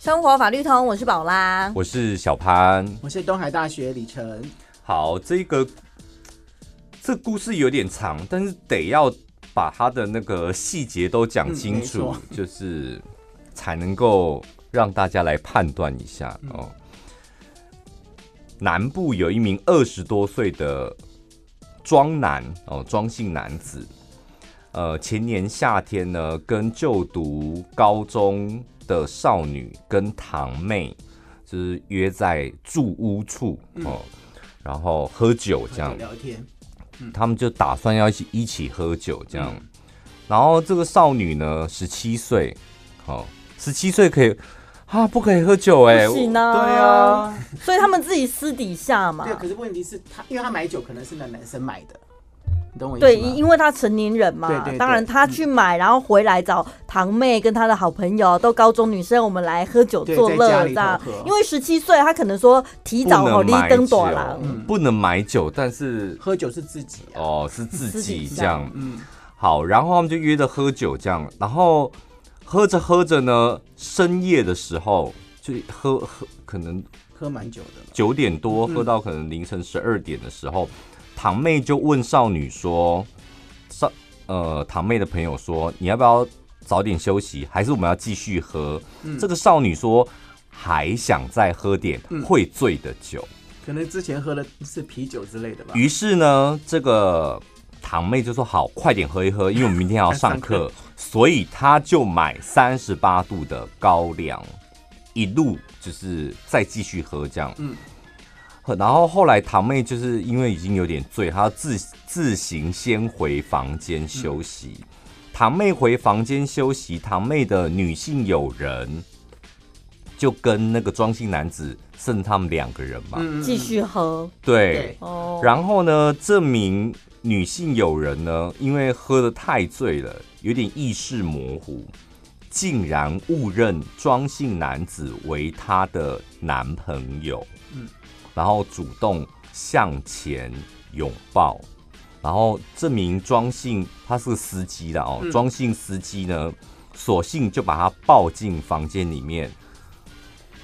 生活法律通，我是寶拉，我是小潘，我是東海大學李晨。好，這個這個故事有點長，但是得要把他的那個細節都講清楚，嗯，就是才能夠讓大家來判斷一下，嗯，哦。南部有一名二十多歲的莊男哦，莊姓男子，呃，前年夏天呢，跟就讀高中。的少女跟堂妹就是約在住屋處、嗯、哦，然後喝酒這樣聊天，他、嗯、們就打算要一起一起喝酒這樣。嗯、然後這個少女呢，十七歲，好、哦，十七歲可以啊，不可以喝酒哎、欸，不行啊，對啊，所以他們自己私底下嘛， 對，可是問題是他，因為他買酒可能是男男生買的。對，因為他成年人嘛，對對對，當然他去買、嗯，然後回來找堂妹跟他的好朋友，都高中女生，我們來喝酒作樂這樣，因為十七歲，他可能說提早火立燈朵了不、嗯，不能買酒，但是喝酒是自己、啊、哦，是自己， 是自己這樣。嗯，好，然後他們就約着喝酒這樣，然後喝着喝着呢，深夜的時候就喝喝，可能喝蠻久的，九點多、嗯、喝到可能凌晨十二點的時候。堂妹就問少女說：“少，呃，堂妹的朋友說，你要不要早點休息？還是我們要繼續喝、嗯？”這個少女說：“還想再喝點會醉的酒，嗯、可能之前喝的是啤酒之類的吧。”於是呢，這個堂妹就說：“好，快點喝一喝，因為我們明天要上課， 所以她就買三十八度的高粱，一路就是再繼續喝這樣。”嗯。然後後來堂妹就是因為已經有點醉，她自自行先回房間休息、嗯。堂妹回房間休息，堂妹的女性友人就跟那個莊姓男子剩他們兩個人嘛、嗯，繼續喝。對，對哦、然後呢，這名女性友人呢，因為喝得太醉了，有點意識模糊，竟然誤認莊姓男子為她的男朋友。然後主動向前擁抱，然後這名莊姓他是個司機的哦，莊、嗯、姓司機呢，索性就把他抱進房間裡面，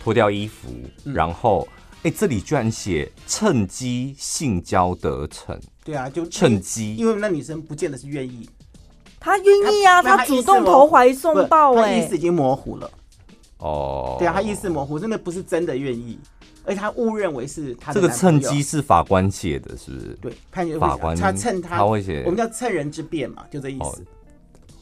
脫掉衣服，嗯、然後哎，這裡居然寫趁機性交得逞，對啊，就趁機，因為那女生不見得是願意，他願意啊，他，他主動投懷送抱、啊，哎，他意識已經模糊了，哦，對啊，他意識模糊，真的不是真的願意。而他誤認為是他的這個趁機是法官寫的，是不是？對，法官他趁他，他會我們叫趁人之便嘛，就這意思。哦、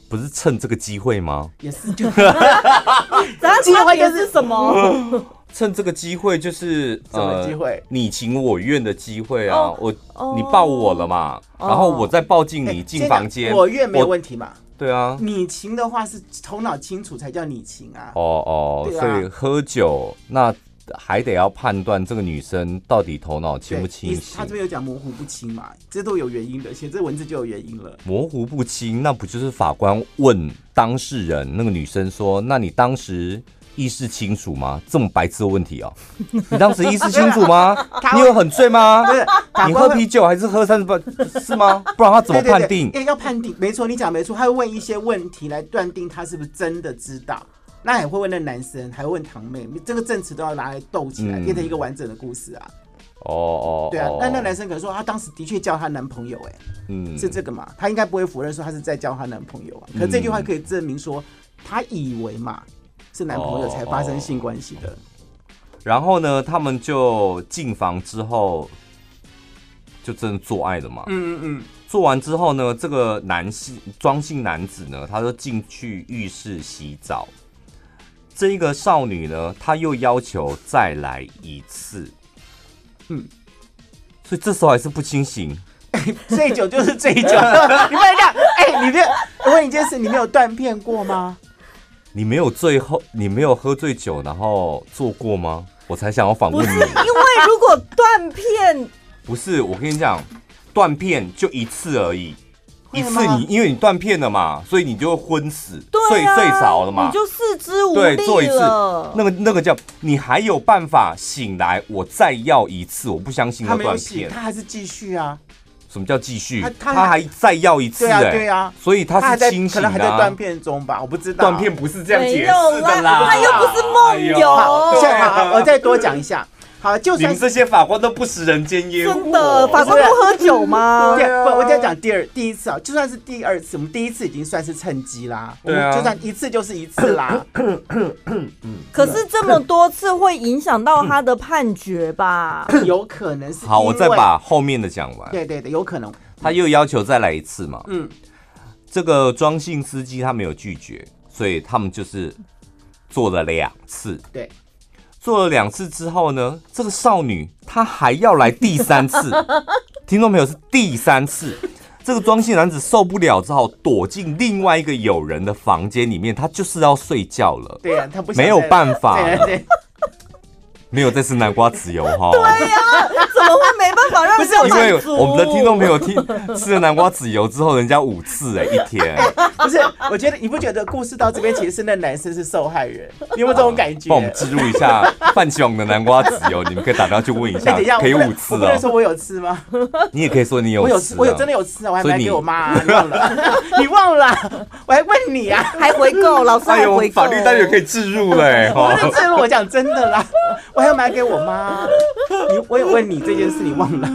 不是趁這個機會嗎？也是，然後機會又是什麼？ 趁這個機會就是、嗯呃、什麼機會你情我願的機會啊！哦、我、哦、你抱我了嘛，哦、然後我再抱進你進房間，我願沒問題嘛。對啊，你情的話是頭腦清楚才叫你情啊。哦哦對、啊，所以喝酒、嗯、那。還得要判斷這個女生到底頭腦清不清晰？他邊有講模糊不清嘛，這都有原因的。寫這文字就有原因了。模糊不清，那不就是法官問當事人那個女生說：“那你當時意識清楚嗎？”這麼白痴的問題哦，你當時意識清楚嗎？ 你有很醉嗎？ 你喝啤酒還是喝三十八？是嗎？不然他怎麼判定？對對對，要判定，沒錯，你講沒錯，他會問一些問題來斷定他是不是真的知道。那也會問那男生，還會問堂妹，這個證詞都要拿來鬥起來、嗯，變成一個完整的故事啊。哦，哦對啊。哦、那那男生可能說，他、啊、當時的確叫她男朋友、欸，哎，嗯，是這個嘛？他應該不會否認說他是在叫她男朋友啊。可這句話可以證明說，嗯、他以為嘛是男朋友才發生性關係的、哦哦。然後呢，他們就進房之後，就真的做愛了嘛。嗯嗯做完之後呢，這個男性莊姓男子呢，他就進去浴室洗澡。這一個少女呢，她又要求再來一次，嗯，所以這時候還是不清醒，哎，醉酒就是醉酒。 你問一下，哎，你沒問你一件事，你沒有斷片過嗎？你沒有最後，你沒有喝醉酒然後做過嗎？我才想要訪問你不是，因為如果斷片，不是我跟你講，斷片就一次而已。一次你因為你斷片了嘛，所以你就會昏死、對啊、睡睡着了嘛，你就四肢無力。對，做一次，那個那個叫你還有辦法醒來，我再要一次，我不相信的他斷片，他還是繼續啊？什麼叫繼續他他？他還再要一次、欸？對啊，對啊，所以他是清醒、啊、他可能還在斷片中吧，我不知道，斷片不是這樣解釋的啦，啦，他又不是夢遊、哎啊。我再多講一下。 好，就算是你這些法官都不食人間煙火、啊，真的，法官不喝酒嗎？啊啊啊、不，我今天講第二，第一次啊，就算是第二次，我們第一次已經算是趁機啦、啊，對、啊、就算一次就是一次啦。 嗯，可是這麼多次會影響到他的判決吧？ 有可能是。好，我再把後面的講完。對對對，有可能。他又要求再來一次嘛？嗯，這個莊姓司機他沒有拒絕，所以他們就是做了兩次。對。做了兩次之後呢，這個少女她還要來第三次， 聽眾朋友是第三次，這個裝姓男子受不了之後躲進另外一個友人的房間裡面，他就是要睡覺了，對啊，他不想沒有辦法了。 沒有再吃南瓜籽油哈？ 對呀、啊，怎麼會沒辦法讓？ 不是因為我們的聽眾朋友聽 吃了南瓜籽油之後，人家五次哎、欸、一天。不是，我覺得你不覺得故事到這邊其實是那男生是受害人？你、啊、有沒有這種感覺？幫我們植入一下范勇的南瓜籽油， 你們可以打電話去問一下。哎，可以五次。等一下，我不是說我有吃嗎？ 你也可以說你有。吃、啊，我有，我真的有吃，我還買給我媽、啊你，你忘了？ 你忘了？我還問你啊，還回購，老師還回購。哎、法律當然也可以置入嘞、欸， 不是 我講真的啦，還要買給我媽？你，我有問你這件事，你忘了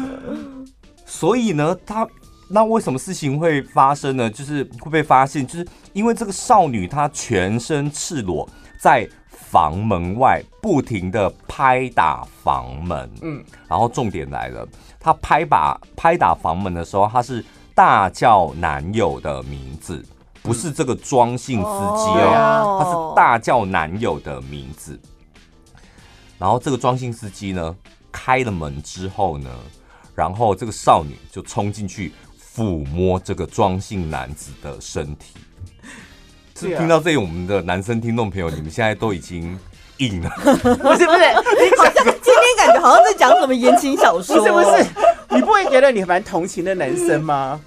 所以呢，他那為什麼事情會發生呢？就是會被發現，就是因為這個少女她全身赤裸，在房門外不停地拍打房門。嗯，然後重點來了，她拍打拍打房門的時候，她是大叫男友的名字，嗯、不是這個莊姓司機哦，哦，、對啊、哦，她是大叫男友的名字。然後這個莊姓司機呢，開了門之後呢，然後這個少女就衝進去撫摸這個莊姓男子的身體。啊、是聽到這裡，我們的男生聽眾朋友，你們現在都已經硬了，不 是不是？ 你好像今天感覺好像在講什麼言情小說， 不是不是？你不會覺得你蠻同情的男生嗎？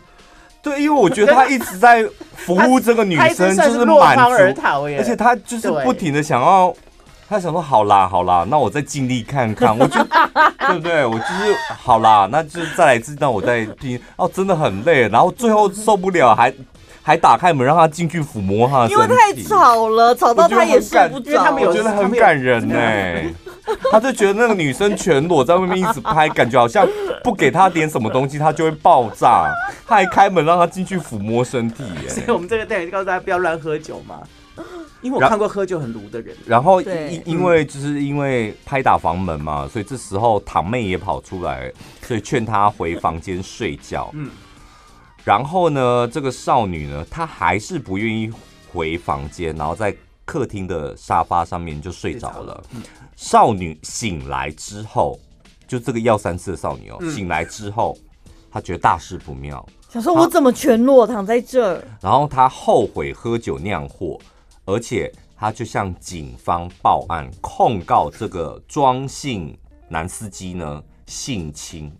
對，因為我覺得他一直在服務這個女生，就是，滿 是落荒而逃，而且他就是不停的想要。他想說，好啦好啦，那我再盡力看看。 我就對不對？我就是好啦，那就再來一次。那我再聽。哦，真的很累，然後最後受不了，還還打開門讓他進去撫摸他身體。因為太吵了，吵到他也睡不着。我覺得很感，得很感人呢、欸這個。他就覺得那個女生全裸在外面一直拍， 感覺好像不給他點什麼東西，他就會爆炸。他還開門讓他進去撫摸身體耶、欸。所以我們這個電影就告訴大家不要亂喝酒嘛。因為我看過喝酒很盧的人，然後因因為就是因為拍打房門嘛、嗯，所以這時候堂妹也跑出來，所以勸她回房間睡覺。嗯，然後呢，這個少女呢，她還是不願意回房間，然後在客廳的沙發上面就睡着了。着了嗯、少女醒來之後，就這個幺三四的少女哦，嗯、醒來之後，她覺得大事不妙，想說：“我怎麼全裸躺在這兒？”然後她後悔喝酒釀禍。而且他就向警方報案，控告這個莊姓男司機呢，性侵。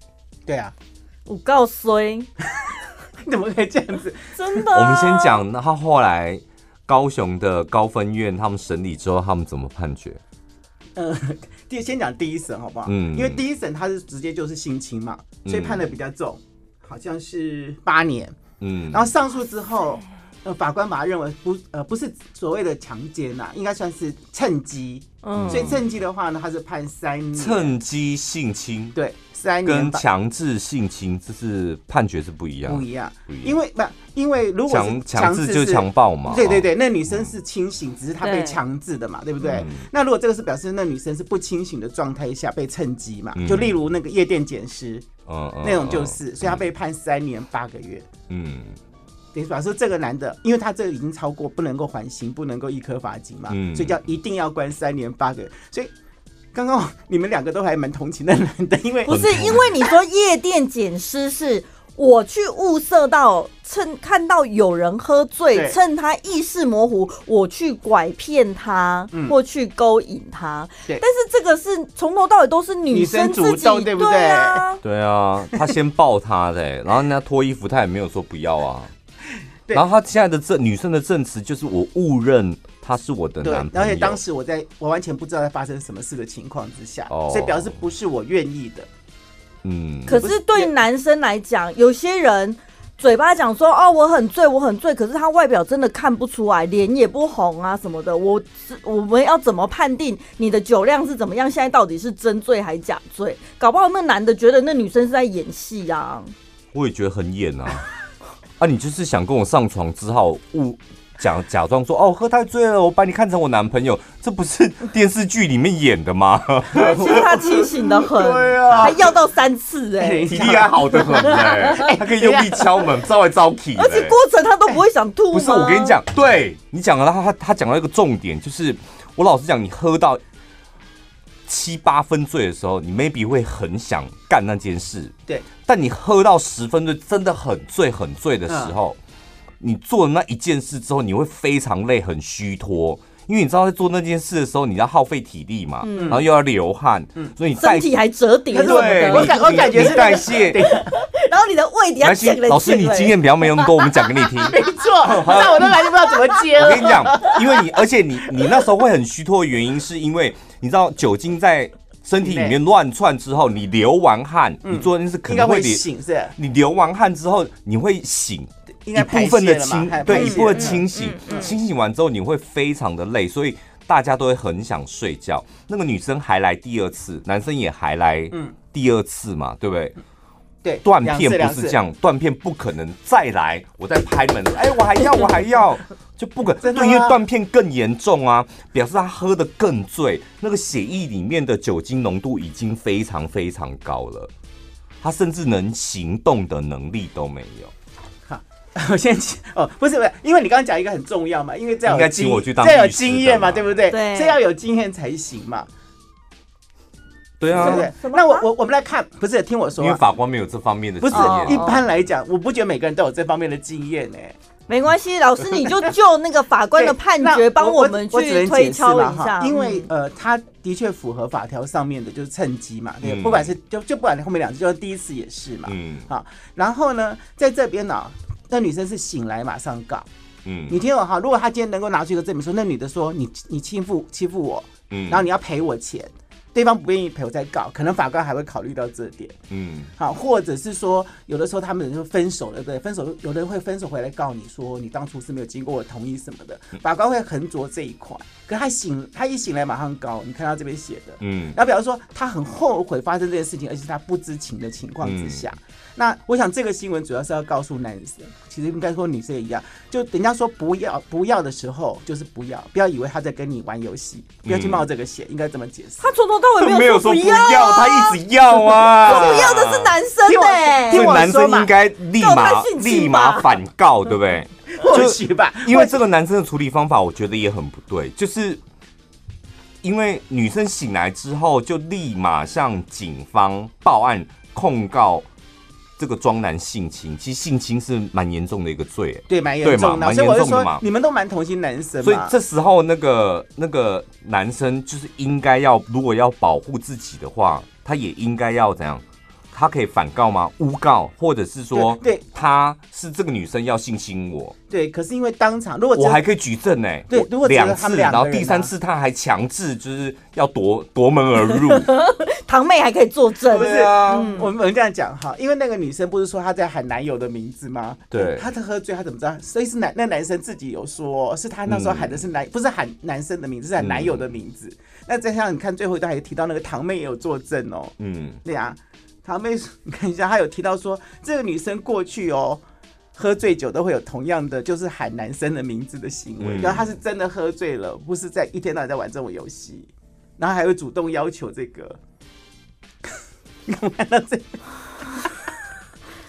對啊，我告訴你怎麼可以這樣子？真的、啊？我們先講，那他後，後來高雄的高分院他們審理之後，他們怎麼判決？呃，第先講第一審好不好？嗯，因為第一審他是直接就是性侵嘛，嗯、所以判的比較重，好像是八年。嗯，然後上訴之後。呃，法官把他認為不呃不是所謂的強姦吶，應該算是趁機、嗯，所以趁機的話呢，他是判三年。趁機性侵，對，三年跟強制性侵這是判決是不一樣。不一樣，不一樣因為不因為如果強強制，制就強暴嘛，對對對、哦。那女生是清醒，嗯、只是她被強制的嘛，對，對不對、嗯？那如果這個是表示那女生是不清醒的狀態下被趁機嘛、嗯，就例如那個夜店撿屍、嗯，那種就是，嗯、所以她被判三年八個月。嗯。嗯等於說，這個男的，因為他這個已經超過不能夠緩刑，不能夠一科罰金嘛，嗯，所以叫一定要關三年八個月。所以剛剛你們兩個都還蠻同情那男的，因為不是因為你說夜店撿屍 是，我去物色到趁看到有人喝醉，趁他意識模糊，我去拐騙他，嗯、或去勾引他。對，但是這個是從頭到尾都是女生，自己女生主動，對不對，對。啊，對啊，他先抱他的，欸， 然後人家脫衣服，他也沒有說不要啊。然後他現在的證，女生的證詞就是我誤認他是我的男朋友。對。而且當時我在我完全不知道在發生什麼事的情況之下，oh, 所以表示不是我願意的。嗯。可是對男生來講，有些人嘴巴講說哦，我很醉我很醉，可是他外表真的看不出來，臉也不紅啊什麼的。我是我們要怎麼判定你的酒量是怎麼樣？現在到底是真醉還是假醉？搞不好那男的覺得那女生是在演戲啊。我也覺得很演啊。 啊，你就是想跟我上床之後誤假假裝說哦，喝太醉了，我把你看成我男朋友，這不是電視劇裡面演的嗎？ 其實他清醒得很、啊，還要到三次哎、欸欸，體力還好得很哎、欸， 他可以用力敲門，招 來招起、欸，而且過程他都不會想吐。不是、啊、我跟你講，對你講了他他他講了一個重點，就是我老實講，你喝到。七八分醉的時候，你 maybe 會很想幹那件事。對。但你喝到十分醉，真的很醉很醉的時候，嗯、你做了那一件事之後，你會非常累，很虛脫，因為你知道在做那件事的時候，你要耗費體力嘛、嗯，然後又要流汗，嗯、所以代替、嗯、還折頂，對，我感，我感覺是、那個、代謝 然後你的胃底要先。老師，你經驗比較沒那麼多， 我們講給你聽。 沒錯，那、 嗯、我那來就不知道怎麼接了。 我跟你講，因為你，而且你，你那時候會很虛脫的原因是因為。你知道酒精在身體裡面亂竄之後，你流完汗，嗯，你做那事肯定會醒是。你流完汗之後，你會醒，一部分的清，對，一部分清醒，嗯嗯嗯，清醒完之後你會非常的累，所以大家都會很想睡覺。那個女生還來第二次，男生也還來第二次嘛，嗯、對不對？嗯、對，斷片不是這樣，斷片不可能再來，我在拍門， 哎，我還要，我還要。 就不管對，因為斷片更嚴重啊，表示他喝得更醉，那個血液裡面的酒精濃度已經非常非常高了，他甚至能行動的能力都沒有。好，我先哦，不是不是，因為你剛剛講一個很重要嘛，因為這樣應該請我去當律師，這有經驗嘛，對不對，對？這要有經驗才行嘛。對啊，對不對、啊？那我我我們來看，不是聽我說、啊，因為法官沒有這方面的經驗不是，一般來講，我不覺得每個人都有這方面的經驗哎、欸。沒關係，老師你就就那個法官的判決幫我們去推敲一下，因為呃，他的確符合法條上面的，就是趁機嘛、嗯，對，不管是就就不管後面兩次，就是第一次也是嘛，嗯，好，然後呢，在這邊呢、啊，那女生是醒來馬上告，嗯，你聽我哈、啊，如果她今天能夠拿出一個證明說那女的說你你欺負欺負我，嗯，然後你要賠我錢。對方不願意陪我再告，可能法官還會考慮到這點。嗯，好，或者是說，有的時候他們就分手了，對，分手，有的人會分手回來告你說，你當初是沒有經過我同意什麼的，法官會橫着這一塊，可他醒，他一醒來馬上告，你看到這邊寫的，嗯，然後比方說他很後悔發生這件事情，而且是他不知情的情況之下。嗯嗯那我想，這個新聞主要是要告訴男生，其實應該說女生也一樣。就人家說不要不要的時候，就是不要，不要以為他在跟你玩遊戲，不要去冒這個險、嗯。應該怎麼解釋？他從頭到尾沒、啊、都沒有說不要，啊、他一直要啊。 不要的是男生的、欸，因為男生應該立馬立馬反告，對不對？ 就吧。因為這個男生的處理方法，我覺得也很不對，就是因為女生醒來之後，就立馬向警方報案控告。這個裝男性侵，其實性侵是蠻嚴重的一個罪，對，蠻嚴重的。蠻嚴重的嘛，所以我就說，你們都蠻同情男生，所以這時候那個那個男生就是應該要，如果要保護自己的話，他也應該要怎樣？他可以反告嗎？誣告，或者是說，對，他是這個女生要性侵我對。對，可是因為當場如果、這個、我還可以舉證呢、欸？對，如果兩、啊、次，然後第三次他還強制就是要奪奪門而入， 堂妹還可以作證。不是啊，啊，我們這樣講哈，因為那個女生不是說她在喊男友的名字嗎？對，她、嗯、在喝醉，她怎麼知道？所以是男那男生自己有說、哦，是他那時候喊的是男、嗯、不是喊男生的名字，是喊男友的名字、嗯。那再像你看最後一段還提到那個堂妹也有作證哦，嗯，對啊。堂妹，你看一下，他有提到說，這個女生過去哦，喝醉酒都會有同樣的，就是喊男生的名字的行為。那、嗯、他是真的喝醉了，不是在一天到晚在玩這種遊戲，然後還會主動要求這個。 你看到這個、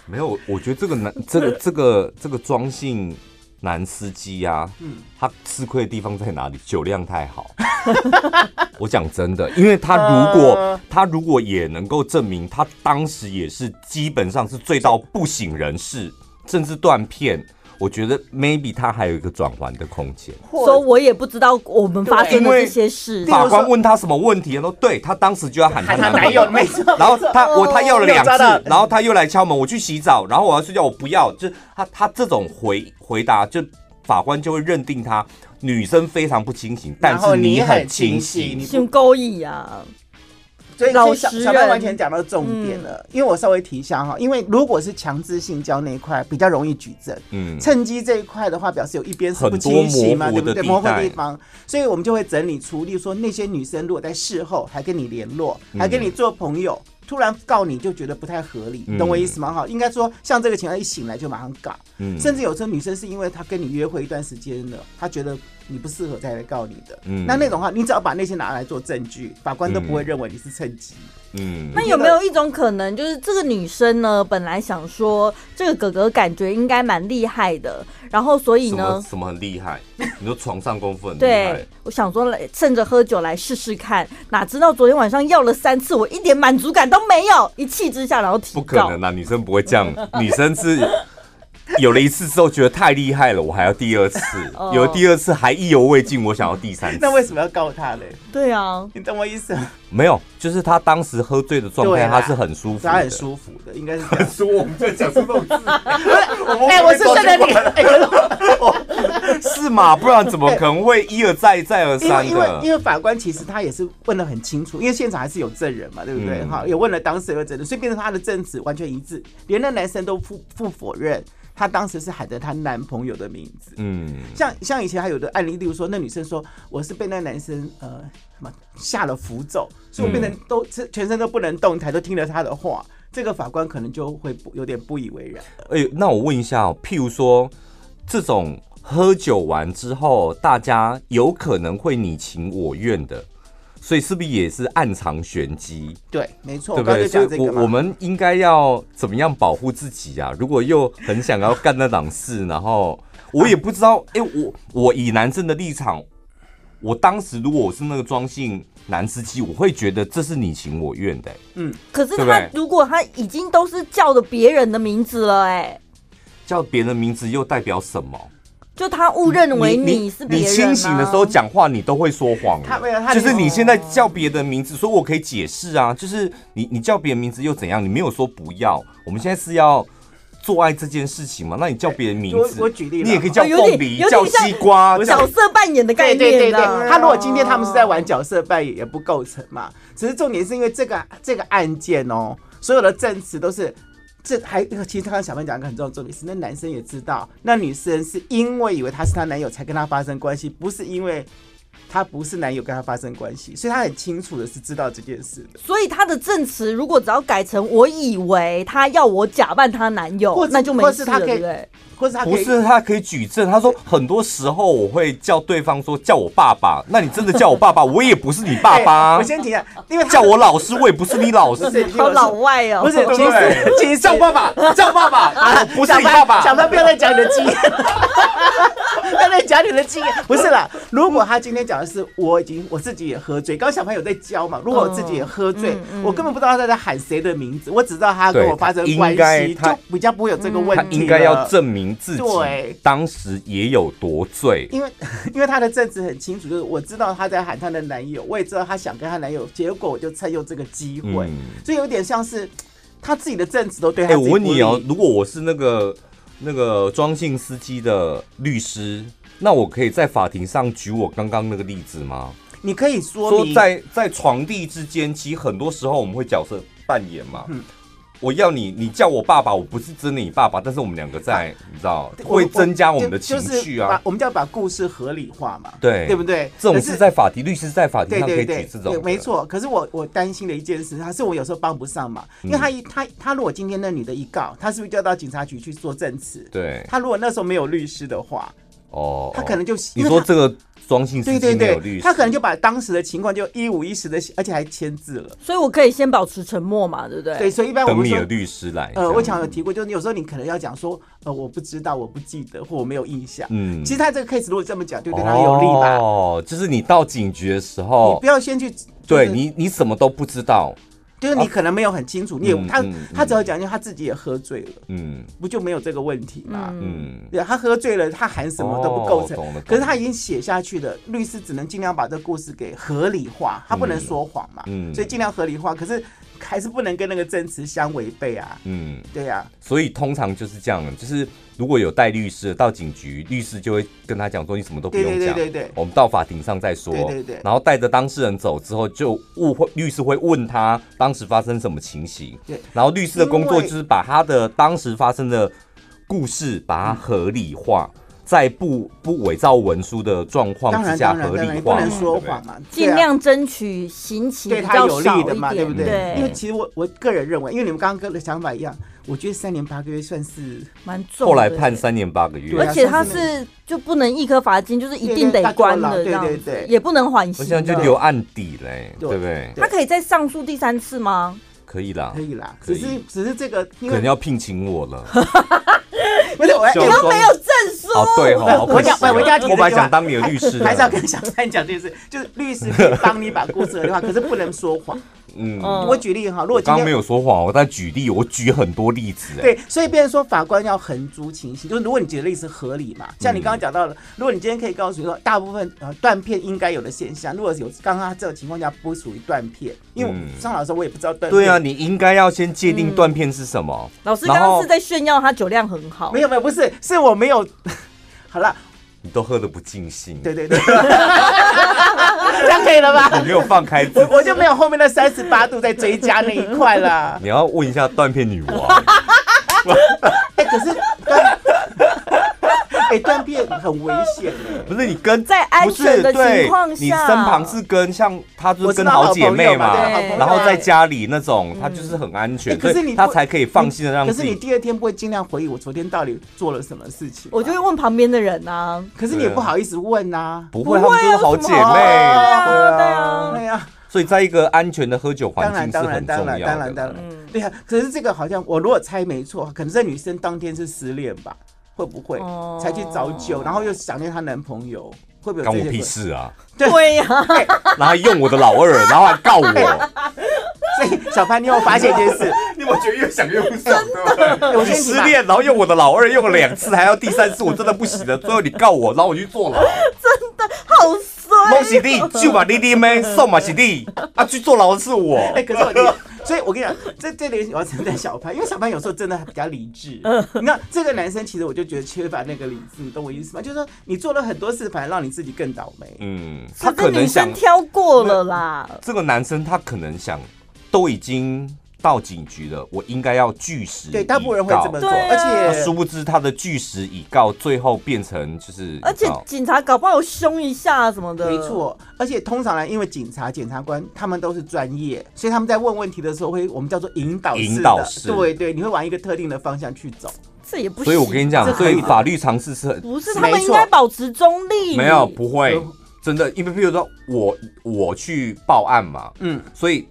沒有？我覺得這個男，這個這個這個裝性。男司機呀、啊嗯，他吃虧的地方在哪裡？酒量太好。 我講真的，因為他如果、呃、他如果也能夠證明他當時也是基本上是醉到不省人事，是甚至斷片。我覺得 maybe 他還有一個轉圜的空間，所以我也不知道我們發生的這些事。法官問他什麼問題？他說對，他當時就要喊他男朋友，沒錯。然後他我他要了兩次，然後他又來敲門，我去洗澡，然後我要睡覺，我不要。就他他這種回回答，就法官就會認定他女生非常不清醒，但是你很清晰，你勾引啊。所以小小潘完全講到重點了。嗯，因為我稍微提一下哈，因為如果是強制性交那一塊比較容易舉證。嗯，趁機這一塊的話表示有一邊是不清晰嘛，對不對？模糊的地方，所以我們就會整理處理，說那些女生如果在事後還跟你聯絡，嗯、還跟你做朋友。突然告你，就覺得不太合理，懂我意思嗎？好、嗯，應該說像這個情況，一醒來就馬上告、嗯，甚至有時候女生是因為她跟你約會一段時間了，她覺得你不適合，再來告你的、嗯。那那種話，你只要把那些拿來做證據，法官都不會認為你是趁機。嗯，那有沒有一種可能，就是這個女生呢，本來想說這個哥哥感覺應該蠻厲害的？然後，所以呢？什麼，什麼很厲害？你說床上功夫很厲害？ 對，我想說來，趁着喝酒來試試看，哪知道昨天晚上要了三次，我一點滿足感都沒有，一氣之下然後提。不可能啦，女生不會這樣， 女生是。 有了一次之後，覺得太厲害了，我還要第二次。Oh. 有了第二次還意猶未盡，我想要第三次。 那為什麼要告他嘞？對啊， 你懂我意思、啊？沒有，就是他當時喝醉的狀態，他是很舒服，啊、他，他很舒服的， 應該是很舒服。我們在講什麼字，哎 不是， 我是順德的， 是嗎？不然怎麼可能會一而再，再而三的？因為，因為法官其實他也是問得很清楚，因為現場還是有證人嘛，對不對？哈、嗯，也問了當時的證人，所以變成他的證詞完全一致，連那男生都不不否認。她當時是喊的她男朋友的名字，嗯，像像以前還有的案例，例如說那女生說，我是被那男生呃什麼下了符咒，所以我變成都、嗯、全身都不能動彈，都聽了他的話，這個法官可能就會有點不以為然。哎、欸，那我問一下、哦，譬如說這種喝酒完之後，大家有可能會你情我願的。所以是不是也是暗藏玄機？對，沒錯，對不對？所以，我我們應該要怎麼樣保護自己啊？如果又很想要幹那檔事， 然後我也不知道，哎、嗯欸，我我以男生的立場，我當時如果我是那個莊姓男司機，我會覺得這是你情我願的，欸的欸。嗯，可是他如果他已經都是叫的別人的名字了，欸，哎，叫別人的名字又代表什麼？就他誤認為你是別人嗎？你，你，你清醒的時候講話，你都會說謊。他沒有他沒有就是你現在叫別的名字，所以我可以解釋啊。就是你你叫別人名字又怎樣？你沒有說不要。我們現在是要做愛這件事情嘛？那你叫別人名字，欸、我，我舉例，你也可以叫鳳梨、叫西瓜，角色扮演的概念、啊。對，對對對，他如果今天他們是在玩角色扮演，也不構成嘛。只是重點是因為這個這個案件哦，所有的證詞都是。這還其實剛剛小潘講一個很重要的重點是，那男生也知道，那女生是因為以為他是她男友才跟他發生關係，不是因為。他不是男友，跟他發生關係，所以他很清楚的是知道這件事的。所以他的證詞如果只要改成“我以為他要我假扮他男友”，或那就沒事了，對不對？或是他可以不是他可以舉證，他說很多時候我會叫對方說叫我爸爸，那你真的叫我爸爸， 我也不是你爸爸。欸、我先停一下，因為叫我老師我也不是你老師。 老師好老外哦，不是，請你叫爸爸，叫爸爸，不 是你爸爸。講 他不，不要再講你的經驗， 不要再講你的經驗。 不是啦，如果他今天。講的是我已經我自己也喝醉，剛剛小朋友在教嘛。如果我自己也喝醉，嗯嗯嗯，我根本不知道他在喊誰的名字，我只知道他跟我發生關係，就比較不會有這個問題。他應該要證明自己當時也有多醉，因為因為他的證詞很清楚，就是我知道他在喊他的男友，我也知道他想跟他男友，結果我就趁用這個機會，嗯，所以有點像是他自己的證詞都對他。欸。我問你哦，啊，如果我是那個那個莊姓司機的律師，那我可以在法庭上舉我剛剛那個例子嗎？你可以說說在在床笫之間，其實很多時候我們會角色扮演嘛。嗯，我要你，你叫我爸爸，我不是真的你爸爸，但是我們兩個在、啊，你知道，會增加我們的情緒啊、就是。我們就要把故事合理化嘛。對，對不對？這種是在法庭，律師在法庭上可以舉這種對對對對，沒錯。可是我我擔心的一件事，他是我有時候幫不上嘛，因為他一他他、嗯、如果今天那女的一告他，是不是就要到警察局去做證詞？對，他如果那時候沒有律師的話。哦，哦，他可能就你說這個雙性事對對，律師，他可能就把當時的情況就一五一十的，而且還簽字了。所以我可以先保持沉默嘛，對不對？對，所以一般我們等你有律師來。呃，我以前有提過，就是有時候你可能要講說，呃，我不知道，我不記得，或我沒有印象。嗯，其實他這個 case 如果這麼講，對對他有利吧？哦，就是你到警局的時候，你不要先去，就是，對你，你什麼都不知道。就是你可能沒有很清楚，oh, 你、嗯、他他只要講究他自己也喝醉了，嗯，不就沒有這個問題嗎？嗯，對，他喝醉了，他喊什麼都不構成，哦、可是他已經寫下去了，了，律師只能盡量把這故事給合理化，嗯、他不能說謊嘛、嗯，所以盡量合理化，可是。還是不能跟那個證詞相違背啊。啊、嗯，對呀。所以通常就是這樣，就是如果有帶律師到警局，律師就會跟他講說，你什麼都不用講，對對對，我們到法庭上再說。對對對，對。然後帶着當事人走之後，就誤會律師會問他當時發生什麼情形。對。然後律師的工作就是把他的當時發生的故事把它合理化。在不不偽造文書的狀況之下，合理化，不能說謊嘛，盡、啊、量爭取刑期較有利的嘛，對不對？嗯、對因為其實我我個人認為，因為你們剛剛跟的想法一樣，我覺得三年八個月算是蠻重的。後來判三年八個月、啊，而且他是就不能一顆罰金，就是一定得關的，對,對對對，也不能緩刑，我現在就留案底嘞，對不對,對,對,對,對,對,對？他可以再上訴第,第三次嗎？可以啦，可以啦，只是只是這個，可能要聘請我了，你 們沒有證書。哦，對哦，我講，我我本來想當你的律師還，還是要跟小三講這件事，就是律師可以幫你把故事合理化， 可是不能說謊。嗯，嗯，我舉例哈，如果剛剛沒有說謊，我在舉例，我舉很多例子，欸。對，所以變成說法官要橫足情形，就是如果你舉的例子合理嘛，像你剛剛講到了，嗯，如果你今天可以告訴你說，大部分呃斷片應該有的現象，如果有剛剛這種情況下不屬於斷片，因為張、嗯、老師我也不知道斷片。對啊，你應該要先界定斷片是什麼。嗯、老師剛剛是在炫耀他酒量很好、嗯剛剛量很好。沒有沒有，不是，是我沒有。 好了。你都喝得不盡興，對對對， 這樣可以了吧？我沒有放開，我我就沒有後面那三十八度再追加那一塊了。你要問一下斷片女王。 欸，可是。但 片很危險的， 不是你跟 在安全的情況下，你身旁是跟像她就是跟 好姐妹嘛，然後在家裡那種，她就是很安全，可是你她才可以放心的讓。可是你第二天不會盡量回憶我昨天到底做了什麼事情？我就會問旁邊的人啊，可是你也不好意思問啊、嗯，不會、啊，他們都是好姐妹，啊啊、對啊，對啊，啊啊啊啊、所以在一個安全的喝酒環境是很重要的，當然，當然，當然，當然，當然、嗯，對啊。可是這個好像我如果猜沒錯，可能在女生當天是失戀吧。會不會才去找酒，uh... 然後又想念她男朋友？會不會關我屁事啊對？對呀、啊欸， 然後用我的老二，然後還告我。 所以小潘，你有發現一件事？你有沒有覺得越想越不爽？你失戀，然後用我的老二用了兩次，還要第三次，我真的不行了。最後你告我，然後我去坐牢。真的好。恭喜弟就把弟弟妹送馬喜弟，啊，去坐牢的是我。哎，可是我弟，所以我跟你講，這這裡我要稱讚小潘，因為小潘有時候真的還比較理智。那這個男生其實我就覺得缺乏那個理智，你懂我意思嗎？就是說你做了很多事，反而讓你自己更倒霉。嗯，他可能想挑過了啦。這個男生他可能想，都已經。到警局了，我應該要據實以告。對，大部分人會這麼做。而且，而且殊不知他的據實以告，最後變成就是。而且，警察搞不好有凶一下什麼的。沒錯。而且，通常呢，因為警察、檢察官他們都是專業，所以他們在問問題的時候會，我們叫做引導式。引導。對對，你會往一個特定的方向去走。這也不。所以我跟你講，所以法律常識是很。不是他們應該保持中立沒？沒有，不會。呃、真的，因為譬如說我我去報案嘛，嗯，所以。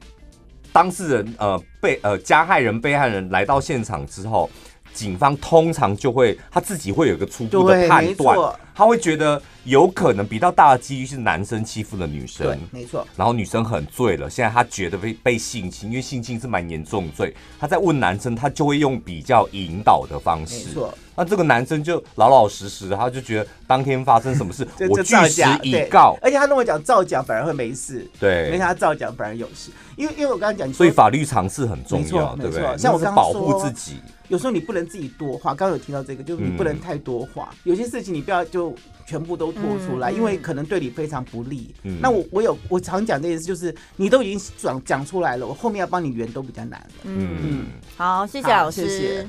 當事人呃被，呃加害人、被害人來到現場之後。警方通常就會，他自己會有一個初步的判斷，他會覺得有可能比較大的機率是男生欺負了女生，對，沒錯。然後女生很醉了，現在他覺得被被性侵，因為性侵是蠻嚴重罪。他在問男生，他就會用比較引導的方式。那這個男生就老老實實，他就覺得當天發生什麼事，呵呵，我據實以告，告。而且他跟我講造假反而會沒事，對，因為他造假反而有事。因為因為我剛剛講，所以法律常識很重要，對不對？那我是剛剛保護自己。有時候你不能自己多話，剛有提到這個，就是你不能太多話，嗯。有些事情你不要就全部都拖出來，嗯，因為可能對你非常不利。嗯、那我我有我常講這件事，就是你都已經講講出來了，我後面要幫你圓都比較難了嗯。嗯，好，謝謝老師，謝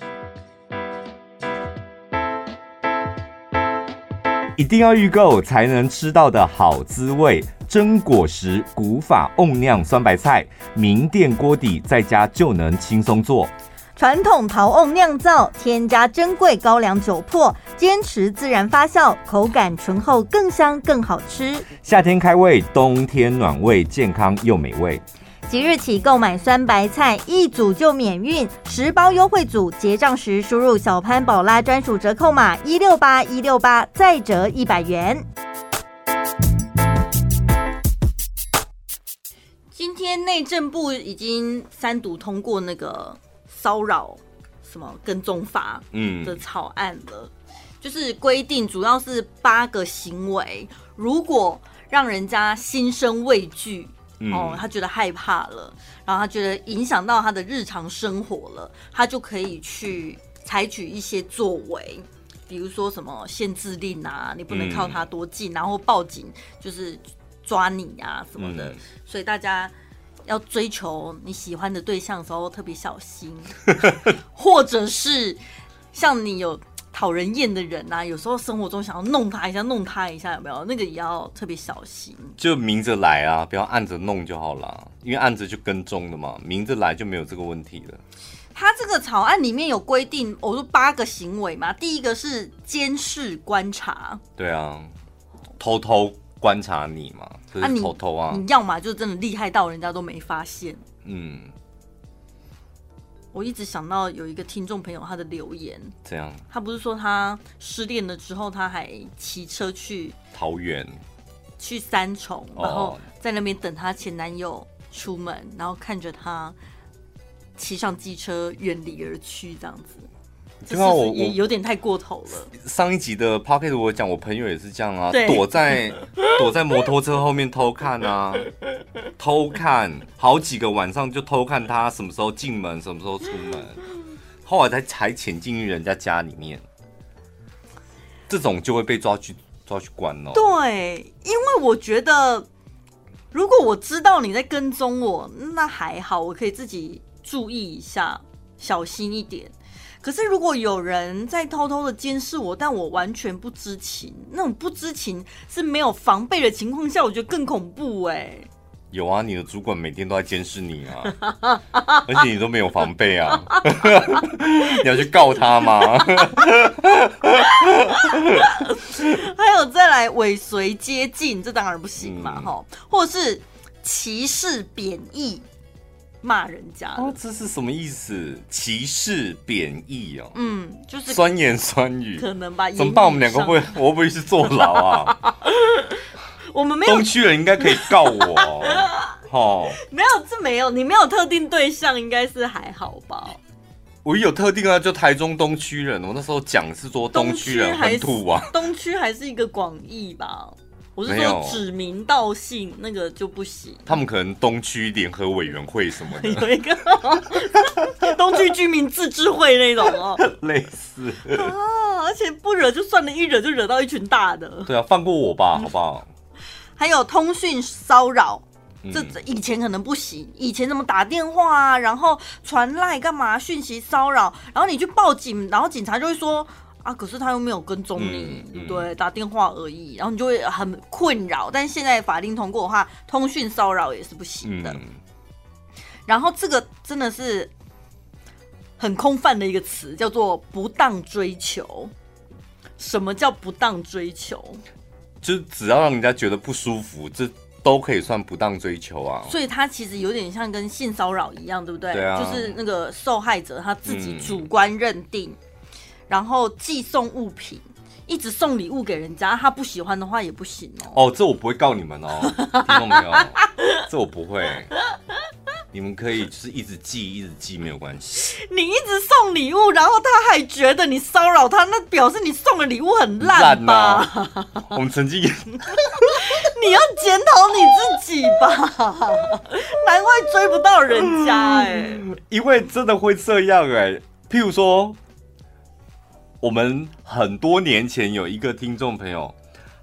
謝。一定要預購才能吃到的好滋味，真果食古法甕釀酸白菜，名店鍋底在家就能輕鬆做。傳統陶甕釀造，添加珍貴高粱酒粕，堅持自然發酵，口感醇厚，更香更好吃。夏天開胃，冬天暖胃，健康又美味。即日起購買酸白菜，一組就免運，十包優惠組，結賬時輸入小潘&寶拉專屬折扣碼一六八一六八，再折一百元。今天內政部已經三讀通過那個。騷擾什麼跟蹤法的草案了，就是規定主要是八個行為，如果讓人家心生畏懼，哦，他覺得害怕了，然後他覺得影響到他的日常生活了，他就可以去採取一些作為，比如說什麼限制令啊，你不能靠他多近，然後報警就是抓你呀、啊、什麼的，所以大家。要追求你喜歡的對象的時候特別小心， 或者是像你有討人厭的人啊，有時候生活中想要弄他一下，弄他一下有沒有？那個也要特別小心。就明着來啊，不要暗着弄就好了，因為暗着就跟蹤了嘛，明着來就沒有這個問題了。他這個草案裡面有規定，我說八個行為嘛，第一個是監視觀察，對啊，偷偷。觀察你嘛，就是偷偷啊！啊你，你要嘛就真的厲害到人家都沒發現。嗯，我一直想到有一個聽眾朋友他的留言，怎樣？他不是說他失戀了之後，他還騎車去桃園，去三重，然後在那邊等他前男友出門，然後看着他騎上機車遠離而去，這樣子。因為我這也有點太過頭了。上一集的 Podcast 我講，我朋友也是這樣啊，躲在躲在摩托車後面偷看啊， 偷看好幾個晚上，就偷看他什麼時候進門，什麼時候出門， 後來才才潛進人家家裡面。這種就會被抓去抓去關嘍。對，因為我覺得如果我知道你在跟蹤我，那還好，我可以自己注意一下，小心一點。可是，如果有人在偷偷的監視我，但我完全不知情，那種不知情是沒有防備的情況下，我覺得更恐怖哎、欸。有啊，你的主管每天都在監視你啊， 而且你都沒有防備啊， 你要去告他嗎？ 還有，再來尾隨接近，這當然不行嘛，哈、嗯，或者是歧視貶抑。罵人家哦，這是什麼意思？歧視、貶義哦。嗯，就是酸言酸語，可能吧。怎麼辦？我們兩個會，我會不會去坐牢啊？ 我們沒有，東區人應該可以告我哦， 哦。沒有，這沒有，你沒有特定對象，應該是還好吧。我一有特定啊，就台中東區人。我那時候講是說東區人很土啊，東區還，還是一個廣義吧。我是說指名道姓那個就不行，他們可能東區聯合委員會什麼的， 有一個、哦、 東區居民自治會那種哦， 類似、啊、而且不惹就算了，一惹就惹到一群大的。對啊，放過我吧、嗯，好不好？還有通訊騷擾，這以前可能不行，以前怎麼打電話啊，然後傳賴幹嘛？訊息騷擾，然後你去報警，然後警察就會說。啊！可是他又沒有跟蹤你。嗯嗯，對，打電話而已，然後你就會很困擾。但現在法令通過的話，通訊騷擾也是不行的。嗯。然後這個真的是很空泛的一個詞，叫做不當追求。什麼叫不當追求？就是只要讓人家覺得不舒服，這都可以算不當追求啊。所以他其實有點像跟性騷擾一樣，對不對？對啊。就是那個受害者他自己主觀認定。嗯然後寄送物品，一直送禮物給人家，他不喜歡的話也不行哦。哦，這我不會告你們哦， 聽到沒有？這我不會， 你們可以就是一直寄，一直寄沒有關係。你一直送禮物，然後他還覺得你騷擾他，那表示你送的禮物很爛吧。爛、啊、我們曾經 。 你要檢討你自己吧，難怪追不到人家哎、欸嗯。因為真的會這樣哎、欸，譬如說。我們很多年前有一個聽眾朋友，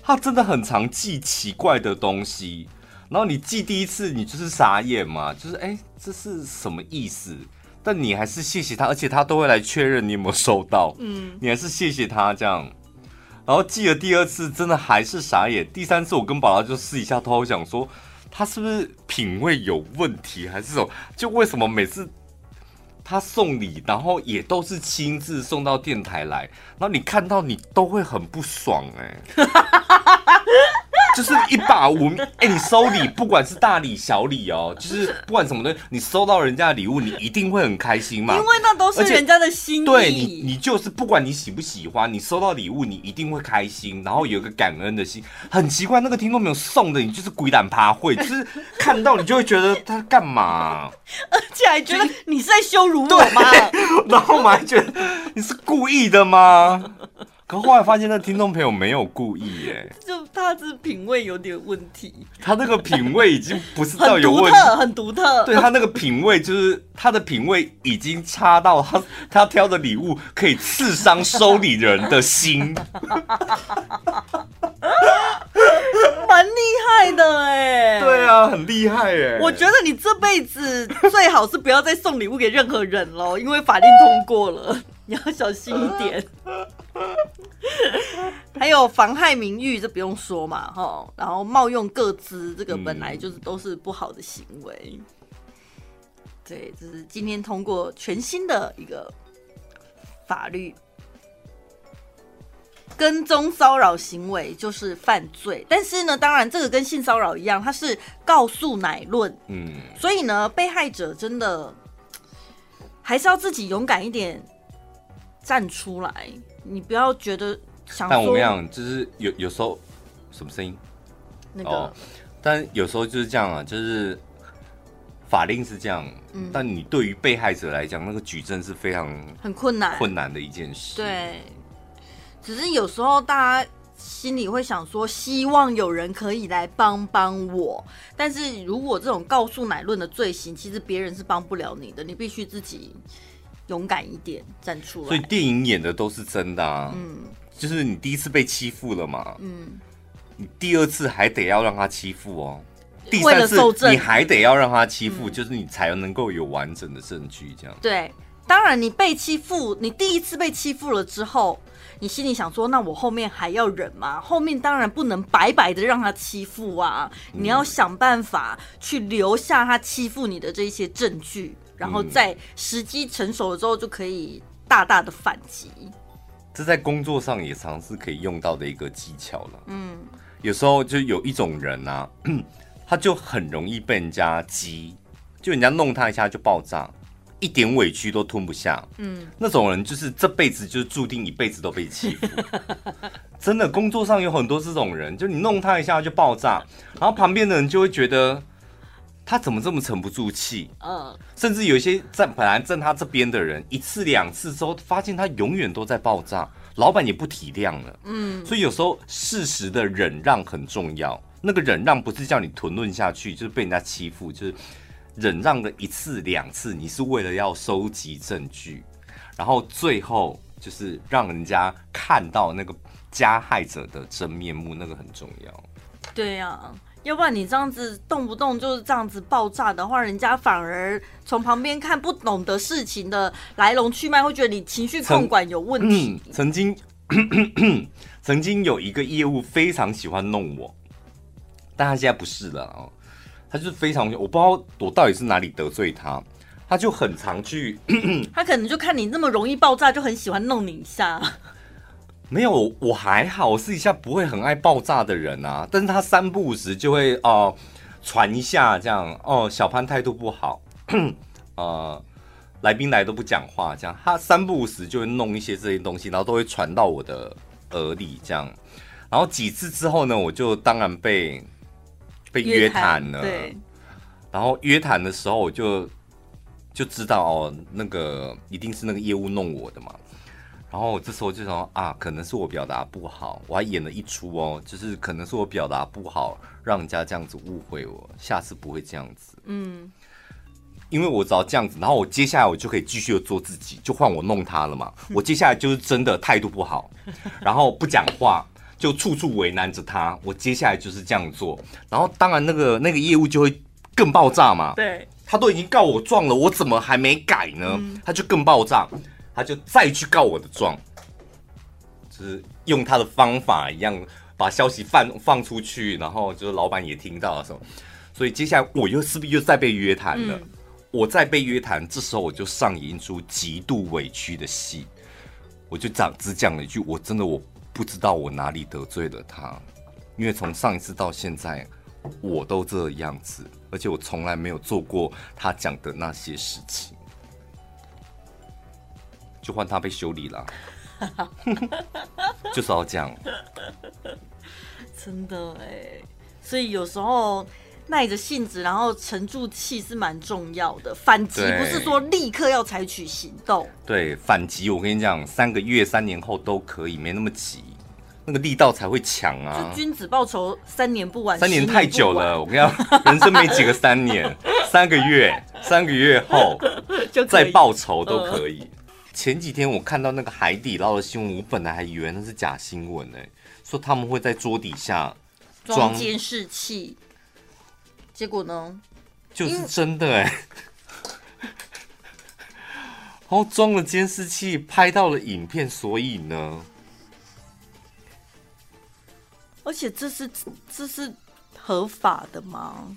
他真的很常寄奇怪的東西。然後你寄第一次，你就是傻眼嘛，就是哎這是什麼意思？但你還是謝謝他，而且他都會來確認你有沒有收到。嗯，你還是謝謝他這樣。然後寄了第二次，真的還是傻眼。第三次我跟寶拉就私底下，偷偷講說他是不是品味有問題，還是說就為什麼每次？他送禮，然後也都是親自送到電台來，然後你看到你都會很不爽哎、欸。 就是一把五哎，欸、你收禮不管是大禮小禮哦，就是不管什麼東西，你收到人家的禮物，你一定會很開心嘛。因為那都是人家的心。對，你，你就是不管你喜不喜歡，你收到禮物，你一定會開心，然後有一個感恩的心。很奇怪，那個聽眾沒有送的，你就是鬼膽趴會，就是看到你就會覺得他幹嘛， 而且還覺得你是在羞辱我嗎？ 然後嘛，還覺得你是故意的嗎？可後來發現，那聽眾朋友沒有故意、欸，耶。就他是品味有點問題。他那個品味已經不是叫有問題，很獨特，特。對他那個品味，就是他的品味已經差到他他 挑的禮物可以刺傷收禮人的心，蠻 厲害的哎、欸。對啊，很厲害哎、欸。我覺得你這輩子最好是不要再送禮物給任何人咯，因為法令通過了。 你要小心一點，還有妨害名譽，這不用說嘛，哈。然後冒用個資，這個本來就是都是不好的行為。對，這是今天通過全新的一個法律，跟蹤騷擾行為就是犯罪。但是呢，當然這個跟性騷擾一樣，它是告訴乃論，嗯。所以呢，被害者真的還是要自己勇敢一點。站出來，你不要覺得像但我們講就是有有時候什麼聲音？那個、哦，但有時候就是這樣啊，就是法令是這樣，嗯、但你對於被害者來講，那個舉證是非常很困難很困難的一件事。對，只是有時候大家心裡會想說，希望有人可以來幫幫我。但是如果這種告訴乃論的罪行，其實別人是幫不了你的，你必須自己。勇敢一點站出來。所以電影演的都是真的啊。嗯，就是你第一次被欺負了嘛。嗯，你第二次還得要讓他欺負哦。第三次你還得要讓他欺負，就是你才能夠有完整的證據這樣。對，當然你被欺負，你第一次被欺負了之後，你心裡想說，那我後面還要忍嗎？後面當然不能白白的讓他欺負啊，嗯、你要想辦法去留下他欺負你的這一些證據。然後在時機成熟了之後，就可以大大的反擊。嗯，這在工作上也常是可以用到的一個技巧了。嗯，有時候就有一種人啊，他就很容易被人家激，就人家弄他一下就爆炸，一點委屈都吞不下。嗯，那種人就是這輩子就注定一輩子都被欺負。 真的，工作上有很多這種人，就你弄他一下就爆炸，然後旁邊的人就會覺得。他怎麼這麼沉不住氣？嗯，甚至有一些站本來站他這邊的人，一次兩次之後，發現他永遠都在爆炸。老板也不體諒了，嗯，所以有時候適時的忍讓很重要。那個忍讓不是叫你吞論下去，就是被人家欺負，就是忍讓的一次兩次，你是為了要收集證據，然後最後就是讓人家看到那個加害者的真面目，那個很重要。對呀、啊。要不然你這樣子動不動就是這樣子爆炸的話，人家反而從旁邊看不懂的事情的來龍去脈，會覺得你情緒控管有問題。曾、嗯、曾經、咳咳，曾經有一個業務非常喜歡弄我，但他現在不是了哦，他就是非常，我不知道我到底是哪裡得罪他，他就很常去咳咳，他可能就看你那麼容易爆炸，就很喜歡弄你一下。沒有，我還好，我私底下不會很愛爆炸的人啊。但是他三不五時就會哦、呃、傳一下這樣哦，小潘態度不好，呃，來賓來都不講話這樣。他三不五時就會弄一些這些東西，然後都會傳到我的耳裡這樣。然後幾次之後呢，我就當然被被約談了約談。對。然後約談的時候，我就就知道哦，那個一定是那個業務弄我的嘛。然後我這時候就想說啊，可能是我表達不好，我還演了一出哦，就是可能是我表達不好，讓人家這樣子誤會我，下次不會這樣子。嗯，因為我只要這樣子，然後我接下來我就可以繼續做自己，就換我弄他了嘛。我接下來就是真的態度不好， 然後不講話，就處處為難着他。我接下來就是這樣做，然後當然那個那個業務就會更爆炸嘛。對，他都已經告我狀了，我怎麼還沒改呢？嗯，他就更爆炸。他就再去告我的狀，就是用他的方法一樣，把消息放放出去，然後就是老闆也聽到了什麼，所以接下來我又是不是又再被約談了？嗯。我再被約談，這時候我就上演一出極度委屈的戲，我就講只講了一句：“我真的我不知道我哪裡得罪了他，因為從上一次到現在，我都這樣子，而且我從來沒有做過他講的那些事情。”就換他被修理了， 就是要這樣。 真的哎，所以有時候耐着性子，然後沉住氣是蠻重要的。反擊不是說立刻要採取行動。對，反擊我跟你講，三個月、三年後都可以，沒那麼急，那個力道才會強啊。君子報仇，三年不晚。三年太久了，我跟你講，人生沒幾個三年， 三個月，三個月後 就再報仇都可以。嗯前幾天我看到那個海底撈的新聞，我本來還以為那是假新聞呢、欸，說他們會在桌底下裝監、欸、視器，結果呢，就是真的哎、欸，然後裝了監視器，拍到了影片，所以呢，而且這是這是合法的嗎？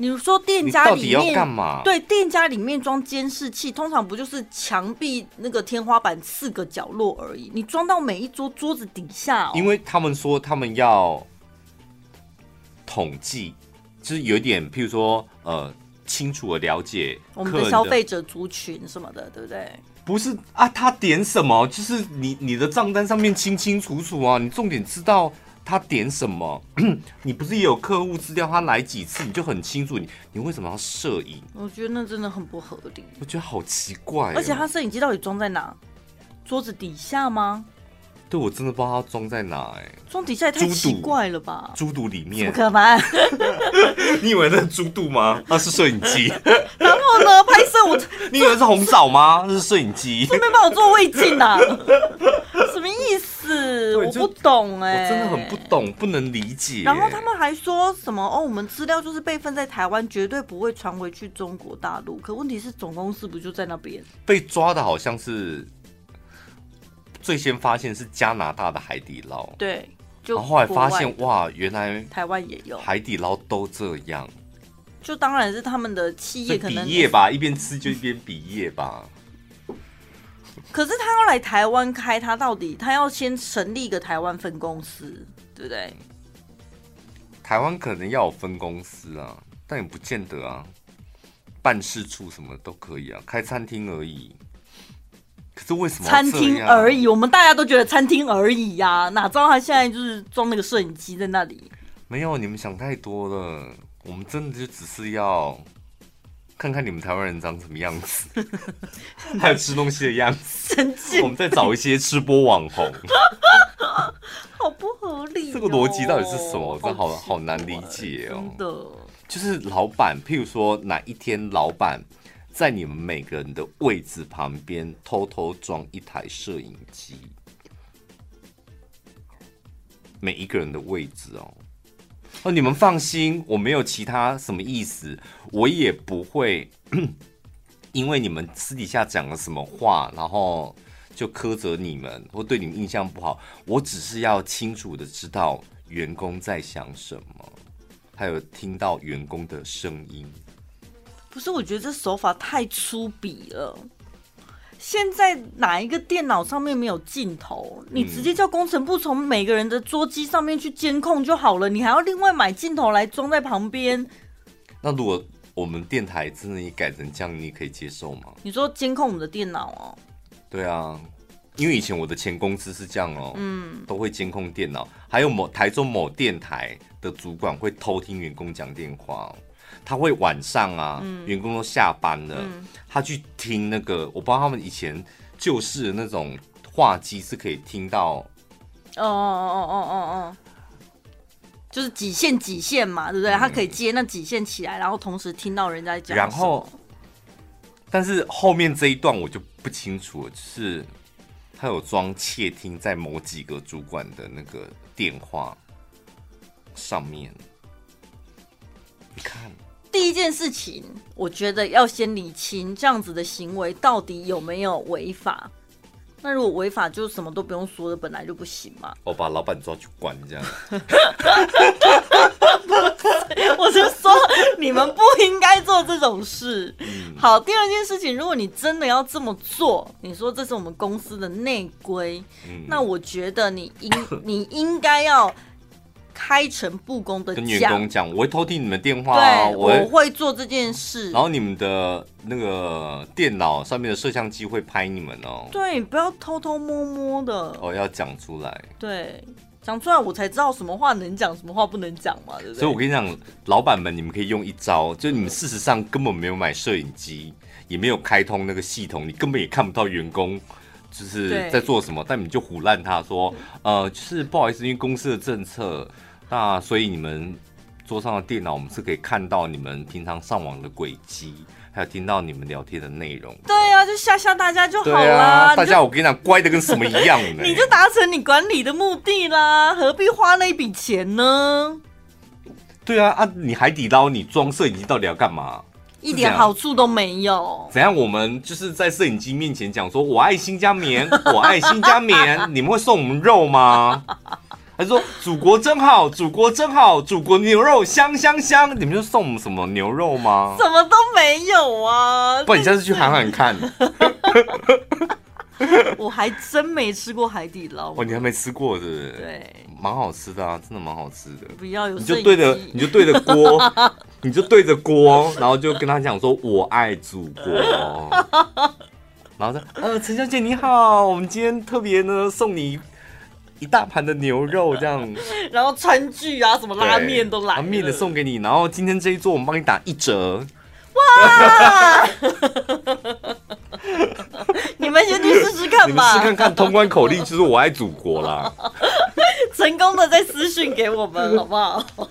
你說店家裡面幹嘛，對店家裡面裝監視器，通常不就是牆壁、那個天花板四個角落而已？你裝到每一桌桌子底下？哦，因為他們說他們要統計，就是有點，譬如說呃，清楚的了解的我們的消費者族群什麼的，對不對？不是啊，他點什麼就是你你的賬單上面清清楚楚啊，你重點知道。他點什麼？你不是也有客戶資料，他來幾次你就很清楚。你你為什麼要攝影？我覺得那真的很不合理。我覺得好奇怪。而且他攝影機到底裝在哪？桌子底下嗎？對，我真的不知道它裝在哪哎，裝底下也太奇怪了吧？豬肚裡面？不可能！ 你以為那是豬肚嗎？那、啊、是攝影機。 然後呢，拍攝我，你以為是紅棗嗎？那是攝影機，你沒幫我做胃鏡吶、啊？ 什麼意思？我不懂哎，我真的很不懂，不能理解。然後他們還說什麼哦？我們資料就是備份在台灣，絕對不會傳回去中國大陸。可問題是，總公司不就在那邊？被抓的好像是。最先發現是加拿大的海底撈，對，就然後後來發現哇，原來台灣也有海底撈都這樣，就當然是他們的企業可能比業吧，一邊吃就一邊比業吧。 可是他要來台灣開，他到底他要先成立一個台灣分公司，對不對？台灣可能要有分公司啊，但也不見得啊，辦事處什麼都可以啊，開餐廳而已。可是為什麼餐廳而已？我們大家都覺得餐廳而已呀、啊，哪知道他現在就是裝那個攝影機在那裡。沒有，你們想太多了。我們真的就只是要看看你們台灣人長什麼樣子， 還有吃東西的樣子。真的？我們在找一些吃播網紅。 好不合理，哦！這個邏輯到底是什麼？哦、真的好好難理解哦。真的。就是老闆，譬如說哪一天老闆。在你們每個人的位置旁邊偷偷裝一台攝影機，每一個人的位置哦。哦、啊，你們放心，我沒有其他什麼意思，我也不會因為你們私底下講了什麼話，然後就苛責你們或對你們印象不好。我只是要清楚地知道員工在想什麼，還有聽到員工的聲音。不是，我覺得這手法太粗鄙了。現在哪一個電腦上面沒有鏡頭？你直接叫工程部從每個人的桌機上面去監控就好了，你還要另外買鏡頭來裝在旁邊。那如果我們電台真的一改成這樣，你可以接受嗎？你說監控我們的電腦哦、喔？對啊，因為以前我的前公司是這樣哦、喔，嗯，都會監控電腦。還有某台中某電台的主管會偷聽員工講電話、喔。他會晚上啊、嗯，員工都下班了、嗯，他去聽那個。我不知道他們以前舊式的那種話機是可以聽到。哦哦哦哦哦哦哦，就是幾線幾線嘛，對不對？嗯、他可以接那幾線起來，然後同時聽到人家講。然後，但是後面這一段我就不清楚了，就是他有裝竊聽在某幾個主管的那個電話上面，你看。第一件事情，我覺得要先理清這樣子的行為到底有沒有違法。那如果違法，就什麼都不用說了，本來就不行嘛。我把老板抓去關這樣。 我是說，你們不應該做這種事、嗯。好，第二件事情，如果你真的要這麼做，你說這是我們公司的內規、嗯，那我覺得你應你應該要。開誠佈公的跟員工講，我會偷聽你們電話、啊，對我，我會做這件事。然後你們的那個電腦上面的攝像機會拍你們哦、喔。對，不要偷偷摸摸的哦，要講出來。對，講出來我才知道什麼話能講，什麼話不能講嘛對對。所以我跟你講，老闆們，你們可以用一招，就是你們事實上根本沒有買攝影機、嗯，也沒有開通那個系統，你根本也看不到員工就是在做什麼，但你們就唬爛他說、嗯，呃，就是不好意思，因為公司的政策。那所以你們桌上的電腦，我們是可以看到你們平常上網的軌跡，還有聽到你們聊天的內容。對啊，就嚇嚇大家就好啦、啊就。大家，我跟你講，乖的跟什麼一樣呢？ 你就達成你管理的目的啦，何必花那一筆錢呢？對啊，啊，你海底撈你裝攝影機到底要幹嘛？一點好處都沒有。怎樣？怎樣我們就是在攝影機面前講說我愛新疆棉， 我愛新疆棉， 你們會送我們肉嗎？還說祖國真好，祖國真好，祖國牛肉香香香！你們就送什麼牛肉嗎？什麼都沒有啊！不然你下次去喊喊看 。 我還真沒吃過海底撈哦，你還沒吃過是不是？對，蠻好吃的啊，真的蠻好吃的。不要有你就對着你就對着鍋，你就對着鍋， 然後就跟他講說：“我愛祖國。 ”然後他，呃，陳小姐你好，我們今天特別呢送你一一大盤的牛肉這樣， 然後餐具啊，什麼拉麵都來，拉麵的送給你。然後今天這一桌我們幫你打一折，哇！ 你們先去試試看吧。你們試看看通關口令就是“我愛祖國”啦。 成功的再私訊給我們，好不好？